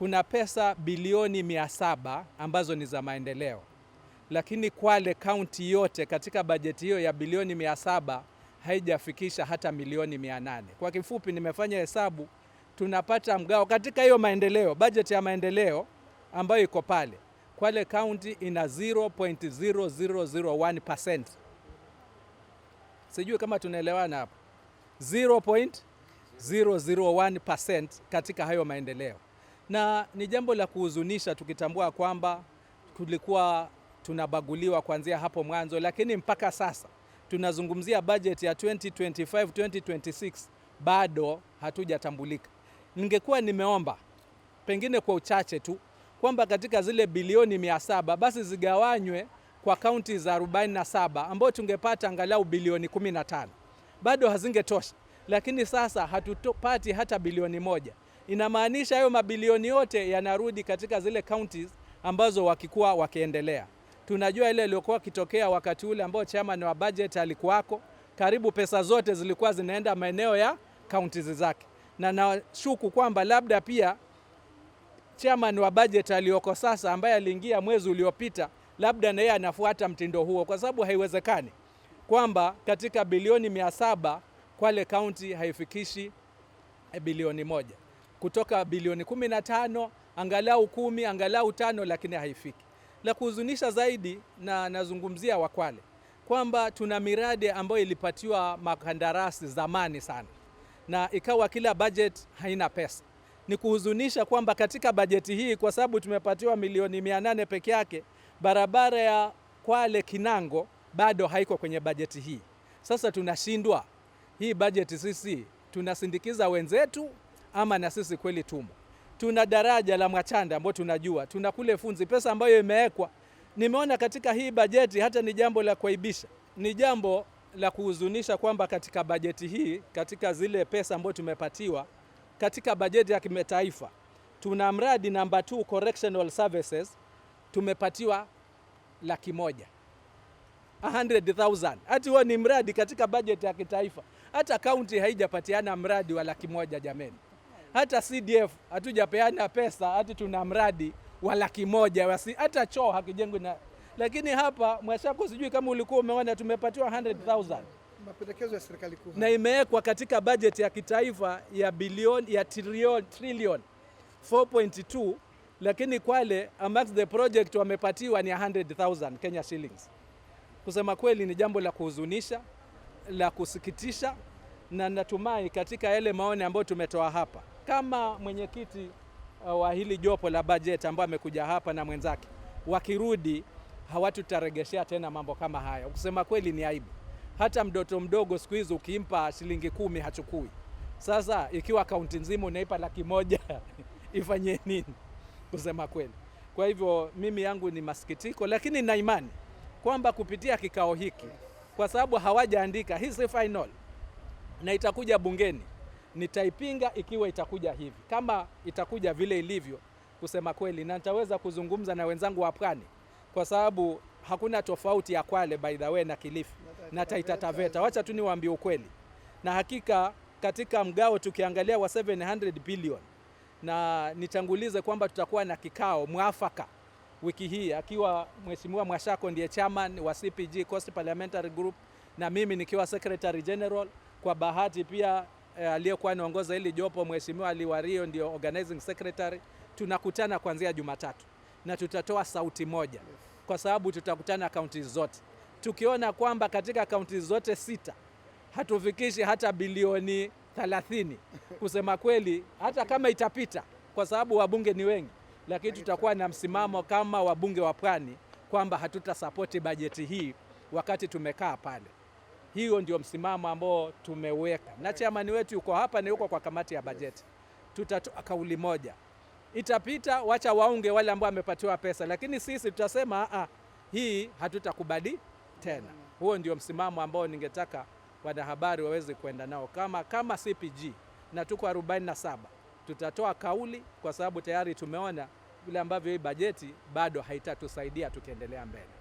kuna pesa bilioni mia saba ambazo ni za maendeleo, lakini Kwale kaunti yote katika bajeti hiyo ya bilioni mia saba haijafikisha hata milioni mia nane. Kwa kifupi, nimefanya hesabu, tunapata mgao katika hiyo maendeleo, bajeti ya maendeleo ambayo iko pale. Kwale kaunti ina 0.0001%. Sijui kama tunaelewana hapo. 0.001% katika hayo maendeleo na ni jambo la kuhuzunisha tukitambua kwamba tulikuwa tunabaguliwa kuanzia hapo mwanzo, lakini mpaka sasa tunazungumzia bajeti ya 2025 2026 bado hatujatambulika. Ningekuwa nimeomba pengine kwa uchache tu kwamba katika zile bilioni saba basi zigawanywe kwa kaunti za 47 ambayo tungepata angalau bilioni 15. Bado hazingetosha, lakini sasa hatupati hata bilioni moja inamaanisha hayo mabilioni yote yanarudi katika zile counties ambazo wakikuwa wakiendelea. Tunajua ile iliyokuwa kitokea wakati ule ambao chairman wa budget alikuwako, karibu pesa zote zilikuwa zinaenda maeneo ya counties zake, na nashuku kwamba labda pia chairman wa budget aliyoko sasa ambaye aliingia mwezi uliopita, labda na yeye anafuata mtindo huo, kwa sababu haiwezekani kwamba katika bilioni mia saba Kwale kaunti haifikishi bilioni moja kutoka bilioni 15 angalau kumi angalau tano, lakini haifiki. La kuhuzunisha zaidi, na nazungumzia Wakwale kwamba tuna miradi ambayo ilipatiwa makandarasi zamani sana na ikawa kila budget haina pesa. Ni kuhuzunisha kwamba katika bajeti hii kwa sababu tumepatiwa milioni 800 peke yake, barabara ya Kwale Kinango bado haiko kwenye bajeti hii. Sasa tunashindwa hii bajeti, sisi tunasindikiza wenzetu ama na sisi kweli tumo. Tuna daraja la Mwachanda ambao tunajua, tuna kule Funzi, pesa ambayo imewekwa. Nimeona katika hii bajeti, hata ni jambo la kuaibisha, ni jambo la kuhuzunisha kwamba katika bajeti hii, katika zile pesa ambayo tumepatiwa katika bajeti ya kimataifa, tuna mradi namba 2 correctional services tumepatiwa laki moja 100,000 hati huo ni mradi katika bajeti ya kitaifa, hata kaunti haijapatiana mradi wa laki moja jameni hata CDF hatujapeana pesa, hati tuna mradi wa laki moja wasi, hata choo hakijengwi na, lakini hapa Mwashako sijui kama ulikuwa umeona tumepatiwa 100,000 mapendekezo ya serikali kuu na imewekwa katika bajeti ya kitaifa ya bilioni ya trilioni trilioni 4.2 lakini Kwale amongst the project wamepatiwa ni 100,000 Kenya shillings. Kusema kweli ni jambo la kuhuzunisha la kusikitisha, na natumai katika yale maoni ambayo tumetoa hapa kama mwenyekiti uh, wa hili jopo la bajeti ambao amekuja hapa na mwenzake, wakirudi hawatutaregeshea tena mambo kama haya. Kusema kweli ni aibu. Hata mtoto mdogo siku hizi ukimpa shilingi kumi hachukui. Sasa ikiwa kaunti nzima unaipa laki moja ifanye nini? Kusema kweli. Kwa hivyo mimi yangu ni masikitiko, lakini na imani kwamba kupitia kikao hiki, kwa sababu hawajaandika, hii si final na itakuja bungeni nitaipinga ikiwa itakuja hivi. Kama itakuja vile ilivyo, kusema kweli, na nitaweza kuzungumza na wenzangu wa Pwani kwa sababu hakuna tofauti ya Kwale by the way na Kilifi na Taita Taveta. Wacha tu niwaambie ukweli, na hakika katika mgao tukiangalia wa 700 billion, na nitangulize kwamba tutakuwa na kikao mwafaka wiki hii, akiwa Mheshimiwa Mwashako ndiye chairman wa CPG Coast Parliamentary Group na mimi nikiwa secretary general. Kwa bahati pia Eh, aliyekuwa anaongoza hili jopo Mheshimiwa Aliwario ndio organizing secretary. Tunakutana kuanzia Jumatatu na tutatoa sauti moja, kwa sababu tutakutana kaunti zote. Tukiona kwamba katika kaunti zote sita hatufikishi hata bilioni 30, kusema kweli, hata kama itapita, kwa sababu wabunge ni wengi, lakini tutakuwa na msimamo kama wabunge wa Pwani kwamba hatutasapoti bajeti hii wakati tumekaa pale. Hiyo ndio msimamo ambao tumeweka, na chairman wetu yuko hapa, ni yuko kwa kamati ya bajeti. Tutatoa kauli moja, itapita, wacha waunge wale ambao wamepatiwa pesa, lakini sisi tutasema ah, hii hatutakubali tena. Huo ndio msimamo ambao ningetaka wanahabari waweze kwenda nao kama, kama CPG na tuko 47 tutatoa kauli, kwa sababu tayari tumeona vile ambavyo hii bajeti bado haitatusaidia tukiendelea mbele.